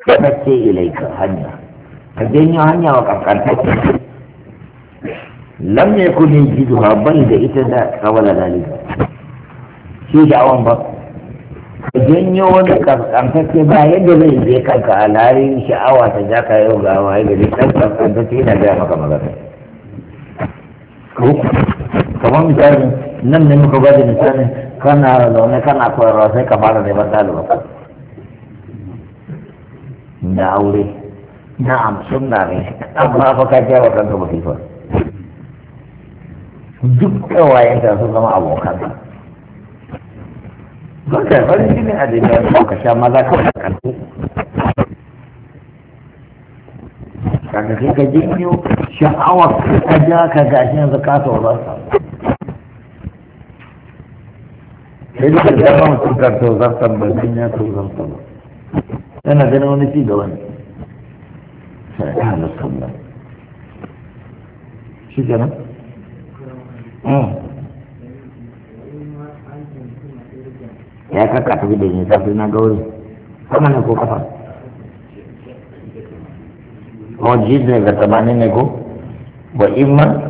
ilai ilaika hanya ka janyo hanya wa kankantacce lam ya kuni jiduha bai da ita da kawala dalika shi da awon ba ka janyo wani kankantacce ba yadda zai je kanka a larin sha'awa ta ja ka yau ga waye da zai kankantacce yana gaya maka magana kamar misali nan ne muka bada misalin kana zaune kana koyarwa sai ka fara neman ɗalibanka da aure na'am sunna ne amma fa ka jawo kanka fa. duk kawayen ta sun zama abokan ka don ka farin cikin a jami'a ka sha maza kawai da kanku kaga kai ka jinyo sha'awar ka ja ka gashi yanzu ka sauran sa sai da zama mutum kan sauran sa ba ya sauran sa ba yana gani wani ci gaba ne sai ya halatta mu shi kenan hmm. ya kaka tafi da yin safi na gauri sama ne ko kafa ko jirgin ga tamanin ne ko wa imma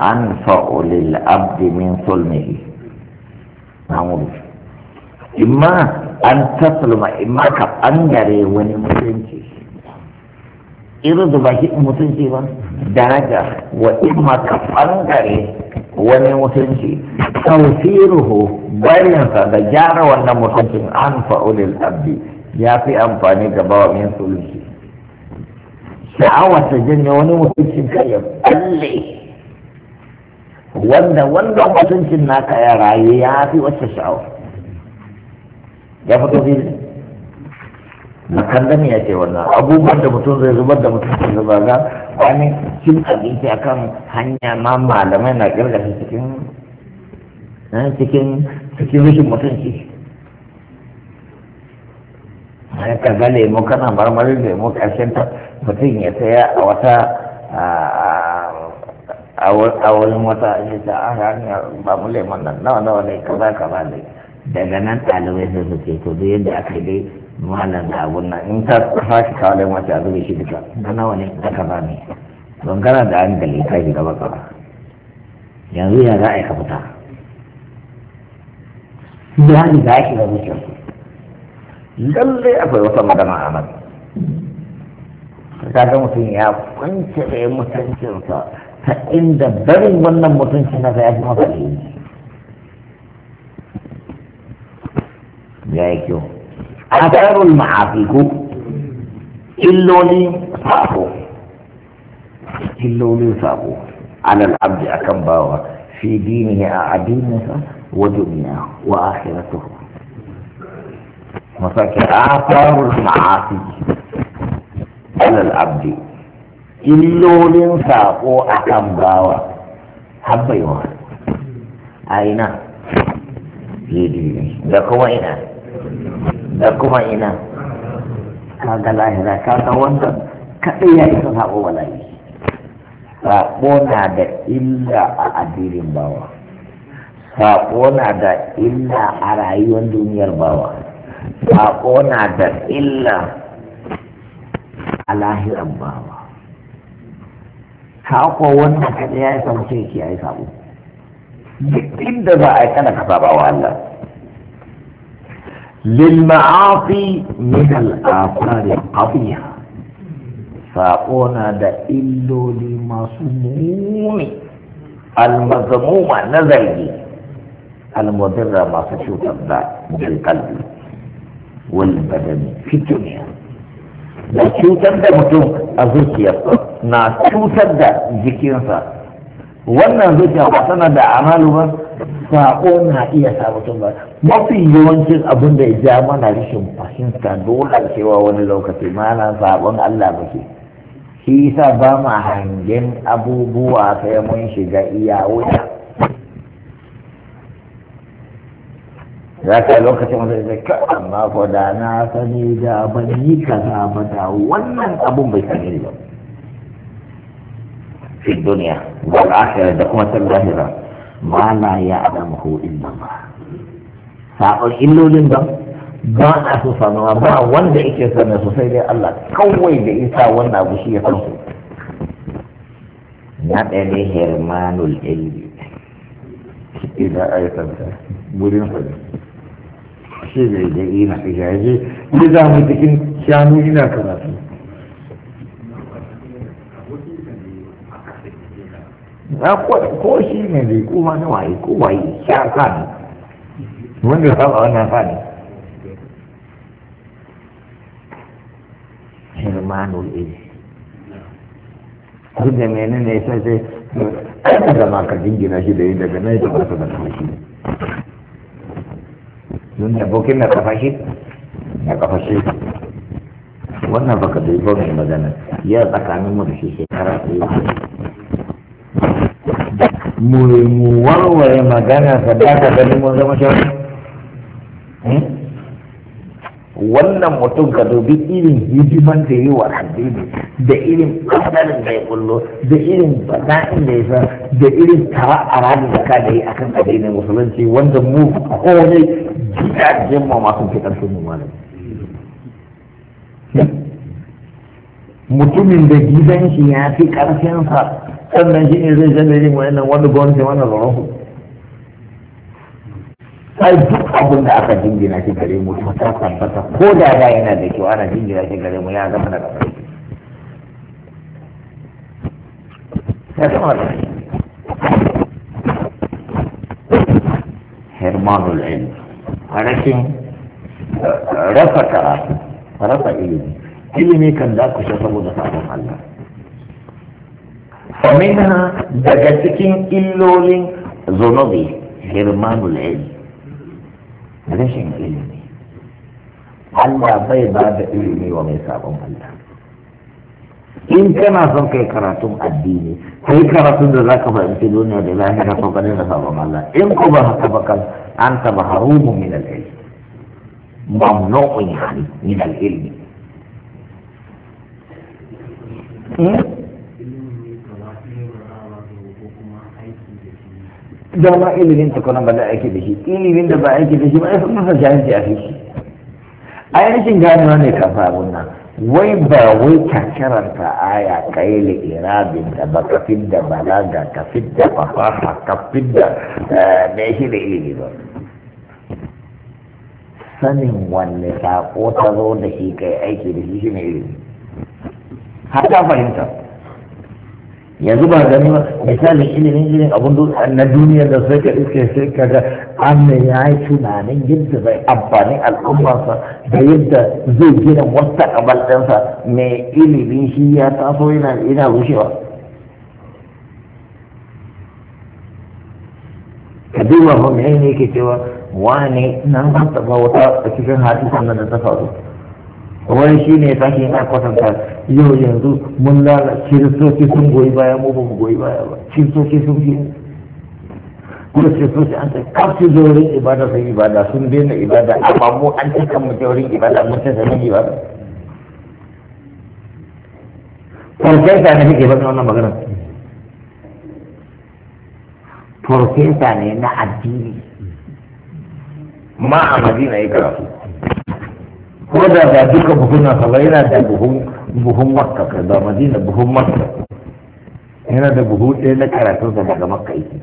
An anfa olil abdi min sulmihi namuru imma an tasluma imma ka bangare wani mutunci irin da ba baki mutunci ba daraja wa imma ka bangare wani mutunci tausiruhu bayan sa da gyara wannan mutuncin an fa'ulil abdi ya fi amfani ga bawa min sulunci sha'awar ta janye wani mutuncin kai ya kalle wanda wannan mutuncin naka ya rayu ya fi wacce sha'awa ya fito fili makandami ya ce wannan abubuwan da mutum zai zubar da mutuncin zuba ga wani cin abinci akan hanya ma malamai na kirgasa cikin eh, cikin cikin rashin mutunci ka ga lemu kana marmarin lemu ƙarshen ta mutum ya saya a wata a wurin wata ake ta a hanya ba mu leman nan nawa nawa ne kaza kaza ne daga nan ɗalibai sun su ce to duk yadda aka yi dai malam da abun nan in ta fashi kawo da mace a zube shi duka na nawa ne da kaza ne don kana da an dalilai ta shi gaba gaba yanzu ya za a yi ka fita ya ni za a yi ka fita lallai akwai wata magana a nan kaga mutum ya kunce da mutuncinsa ta inda barin wannan mutunci na ya fi masa ya yi kyau a tsarul ma'afiku illoli sako illoli sako alal abdi akan bawa fi dinihi a addininsa wa duniya wa akhiratuhu masaki a tsarul ma'afiku alal abdi illolin sako a kan bawa habbaiwa a ina da kuma ina da kuma ina Ka ga lahira Ka ga wanda kaɗai ya isa saƙo bala'i Sako na da illa a addinin bawa Sako na da illa a rayuwar duniyar bawa Sako na da illa a lahiran bawa ka ko wannan kaɗai ya isa mutum yake ya yi sabo duk inda za a yi kana ka saba wa Allah min للمعاصي من الآثار القبيحة فأنا دئل لمصموم المذموم نزلي المضر ما تشوت بالقلب والبدن في الدنيا da cutar da mutum a zuciya na cutar da jikinsa wannan zuciya ba tana da amalu ba sako na iya sa mutum ba mafi yawancin abin da ya ja mana rashin fahimta dole cewa wani lokaci mana sabon Allah ba ke shi yasa ba ma hangen abubuwa sai mun shiga iya wuya za ka lokacin wanda ya ka amma ko da na sani da ban yi za ba da wannan abun bai sani ba fi duniya wal akhirah da kuma san lahira ma adam ya'lamuhu illa ba sa'ar illolin ba ba a su sanuwa ba wanda yake sanar sosai dai Allah kawai da isa wannan abu shi ya san su na ɗaya ne hermanul ilmi idan ayyukan wurin sanar shi da gari na kashe ya je ni za mu cikin shanu ina ne dai ko ma na ne ne menene sai sai ai da ma ka jingina shi da yi daga nan ya tabbata da shi don da bokin na kafa shi na kafa shi wannan baka da yi mai magana ya tsakanin mu da shi shekara ɗaya mu yi mu warware magana sadaka ganin mun zama shawarar wannan mutum ka dubi irin hidiman da yi wa addini da irin ƙasarin da ya kullo da irin bada'in da ya san da irin tawa a ranar da ka da yi akan addinin musulunci wanda mu kone gidajen ma masu fi ƙarfin mu mana mutumin da gidan shi ya fi sa sannan shi ne zai zama irin wannan wani gwamnati wannan zaron sai duk abin da aka jingina shi gare mu to ta tabbata ko da da yana da kyau ana jingina shi gare mu ya zama da kafai ya zama da hermanul ilm rashin eh, rasa karatu rasa ilimi ilimi kan za ku sha saboda sabon Allah فمنها دقتكين إلولين ذنوبي هرمان العلم rashin ilimi Allah bai ba da ilimi wa mai sabon Allah in kana son kai karatun addini kai karatun da zaka fahimci duniya da lahira ko kanin da sabon Allah in ku ba haka ba kan an taba harumu min al-ilm mamnu'un yani min al-ilm Zama ma ilimin tukunan ba da aiki da shi ilimin da ba aiki da shi ba ya fi masa jahilci a fiki a yi rashin ne ka faru nan wai ba wai ka karanta aya ka yi li'irabin da ba ka da balaga ka da fafafa ka fidda da eh, shi da ilimi ba sanin wanne sako ta zo da shi kai aiki da shi shi ne ilimi har ta fahimta yanzu ba gani ba misalin ilimin ilimin abun na duniya da sai ka iske sai ka ga amma ya yi tunanin yadda zai amfani al'ummarsa da yadda zai gina wata kabalɗinsa mai ilimin shi ya taso yana ina rushewa ka duba ba mai ne ke cewa wane na ba wata a cikin hadisan da ta faru wani shi ne ke na kwatanta yau yanzu mun lalace kiristoci sun goyi baya mu ba mu goyi baya ba kiristoci sun fi kuma kiristoci an sai kafin zaurin ibada sun ibada sun daina ibada amma mu an cika mu zaurin ibada mun ta sanin ibada ta ne ke bada wannan magana farfesa ne na addini ma a madina ya karatu ko da ba duka buhuna sa ba yana da buhun buhun makka ka da madina buhun makka yana da buhu ɗaya na karatun sa daga makka yake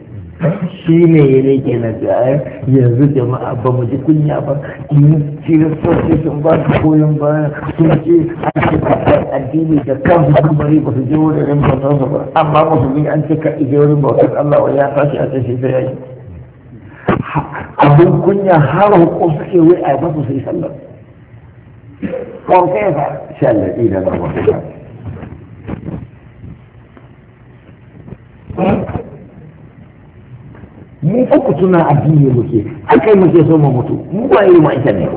shi ne ya ne na jaya yanzu jama'a ba mu ji kunya ba in kiristoci sun ba su koyon baya sun ce an ce kakar addini da kan su bari ba su je wurin bautar su ba amma ba su bi an ce ka ije wurin bautar Allah wa ya tashi a ce shi sai ya yi abin kunya har hukum suke wai a ba su sai sallar وكيف شلت إلى الرحمن mu uku suna addini muke aka yi muke so mu mutu mu ba yi ma ita ne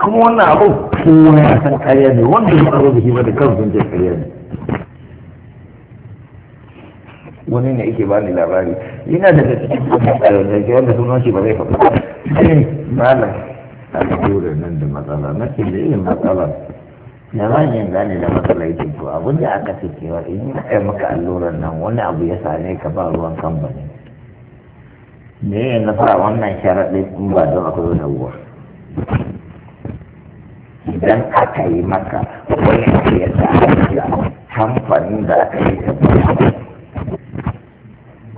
kuma wannan abu kowa ya san karya ne wanda ya karo da shi ba da kan sun je karya ne wani ne yake bani labari yana daga cikin wanda suna shi ba zai faɗa malam a nan da matsala na ce da yin matsala da bayan gane da matsala yake to abin da aka ce cewa in yi kai maka allurar nan wani abu ya same ka ba ruwan kamfani me ya fara wannan sharaɗin in ba don akwai da abuwa idan aka yi maka wani abu ya same kamfanin da aka yi ka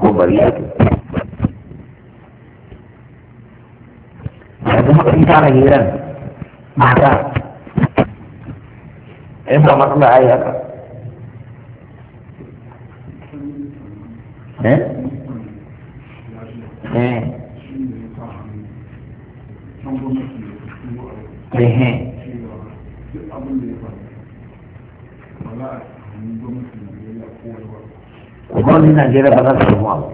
ko bari ya fara hiran mata in ba matsala a yi haka eh? Eh. eh eh gwamnatin najeriya ba za su samu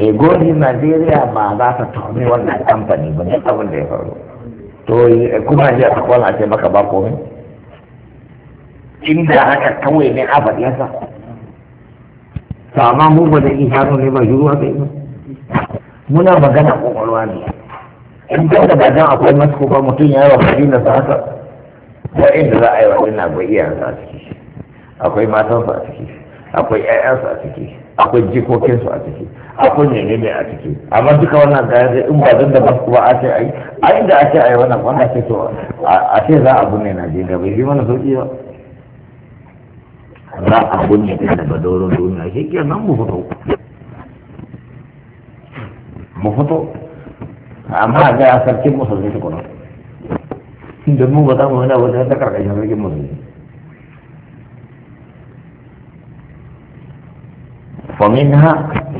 egoli najeriya ba za ta taune wannan kamfani ba ne abin da ya faru to kuma ji a kwana ce maka ba komai inda haka kawai ne a faɗi yasa to amma mu ba da ihanu ne ba juruwa kai ba muna magana kokolwa ne in da da bajan akwai masu ba mutum ya yi wa na sa haka ba inda za a yi wa ina akwai iyayensa a ciki akwai matansa a ciki akwai 'ya'yansa a ciki akwai jikokinsu a ciki a kunye ne ne a ciki amma duka wannan kayan sai in ba zan da ba ba a ce ai a inda a ce ai wannan wannan ce to a ce za a bunne na Najeriya bai yi mana sauki ba za a bunne din da doron duniya shi ke nan mu fito mu fito amma ga sarkin musulmi tukuna da mu ba za mu hana wajen ta karkashin sarkin musulmi ومنها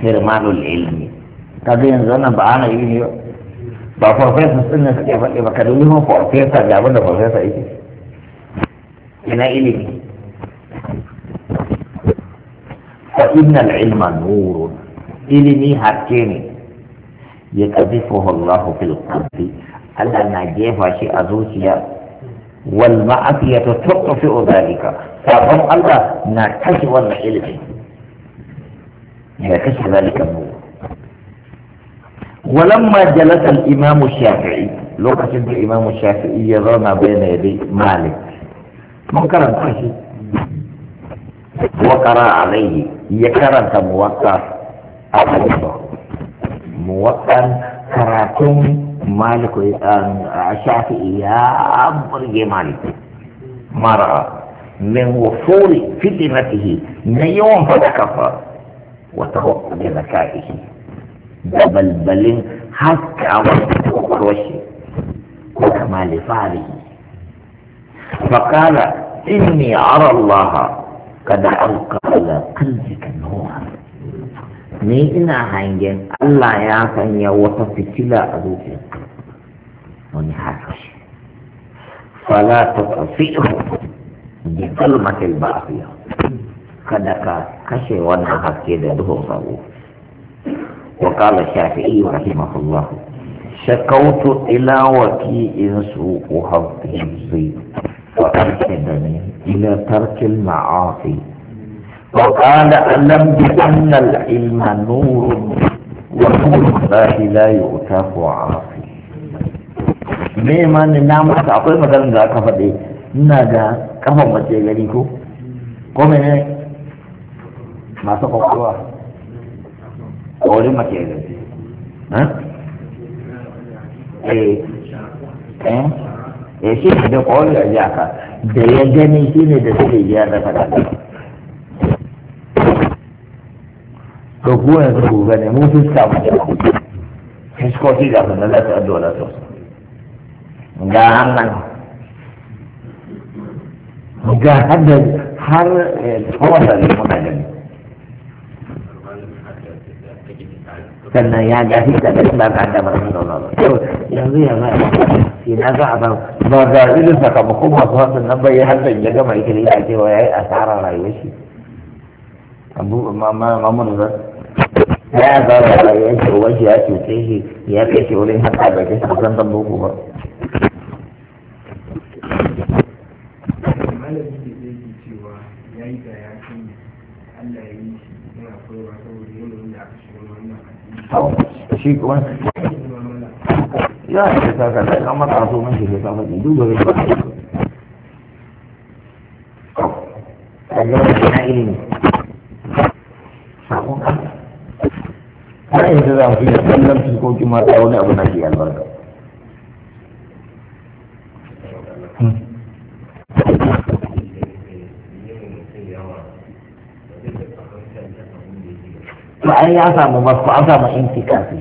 حرمان العلم kaga yanzu wannan ba ana yi ne ba farfesa sun ne suke faɗi ba ka dubi mun farfesa ga abin da farfesa yake ina ilimi fa innal ilma nurun ilimi hakke ne ya qadifuhu Allah fil qalbi Allah na jefa shi a zuciya wal ma'afiyatu tuqfi dhalika sabon Allah na kashe wannan ilimin ya kashe zalika mu walamma jalasa al-imam shafi'i lokacin da imam shafi'i ya zauna bayan yadi malik mun karanta shi wa qara alayhi ya karanta muwatta a hadisi muwatta karatun مالك الشافعي يا مالك مرأة من وصول فتنته من يوم فتكفر وتهو بذكائه بل بل حتى وقت وشي فقال إني أرى الله قد ألقى على قلبك النور ني إنا هنجن الله يا فني وتفت لا أذوقك وني حاجش فلا تطفئه بكلمه الباقية kada ka kashe wannan haske da duhun sabo shafi qala shafi'i rahimahullah shakautu ila in su uhaffizi wa arshadani ila tarkil ma'asi وقال ألم بأن العلم نور ونور الله لا يؤتاه عاصي me ma ne na masa akwai maganar da aka faɗi ina da kafa mace ko masu kwakwalwa a wurin mace ya eh. eh eh shi da ya jaka da ya gani shi ne da suke biyar da fada kuwa yanzu ku gane mu fuska mu da fuskoki ga sun lalata addu'a da ga hannun ga har har eh, kowace ne muna gani sannan ya gafi da ɗan ba ka da barin da wani yanzu ya zai shi na za a san ba ga irin sakamakon masu hasin nan bai har ya gama ikiri da cewa ya yi asarar rayuwar shi abu mamun da ya yi asarar rayuwar shi uban shi ya cuce shi ya kai shi wurin haka bai kai shi kusan boko ba ya yi shi kuma ya ce ta ka dai kamar a so mun shi ta faɗi duk da ba yi ya na ilimi sakon Allah har ta za mu fi kallon mata wani abu na ke albarka ai ya samu masu an samu intikafi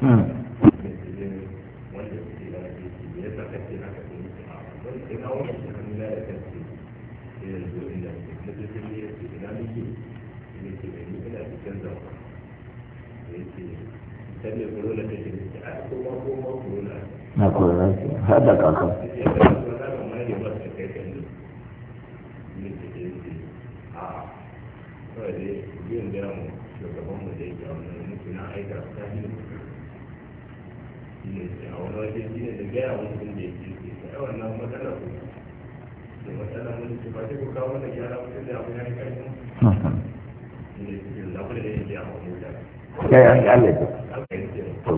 Hmm. hmm. in an wani shekaru na ya kasance a ko ma na corona ce a ta wannan matsalar da matsalar ce ba sai ku kawo gyara da abu ya yi da abu da ya yi kai an gane ta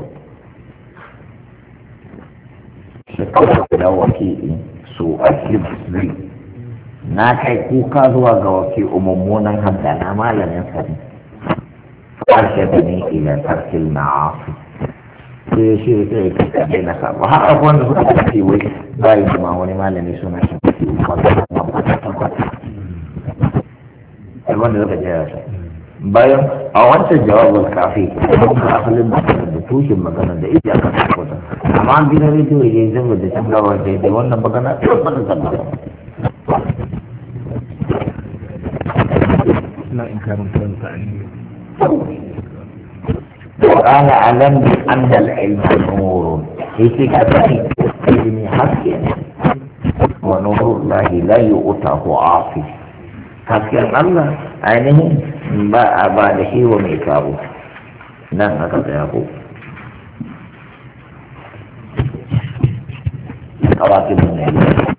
shekaru wakili su ake musulmi na kai kuka zuwa ga waki umummunan haddana malamin sani farshe da ne ila tarkil ma'afi sai shi sai ka kaɗe na sabu har abuwan da suka tafi wai bayi da ma wani malami suna shi wanda suka je ya bayan a wancan jawabin kafi da asalin magana da tushen magana da ita aka tabbata amma an gina rediyo ya yi zama da cin gawar da wannan magana ta bata tabbata ina in karin karanta a ne وقال علم بأن العلم نور هيك أتحي ilimi haske ne wa nurullahi la yu'tahu afi hasken Allah ainihin ba a ba da shi wa mai sabo nan aka tsaya ko kawaki ne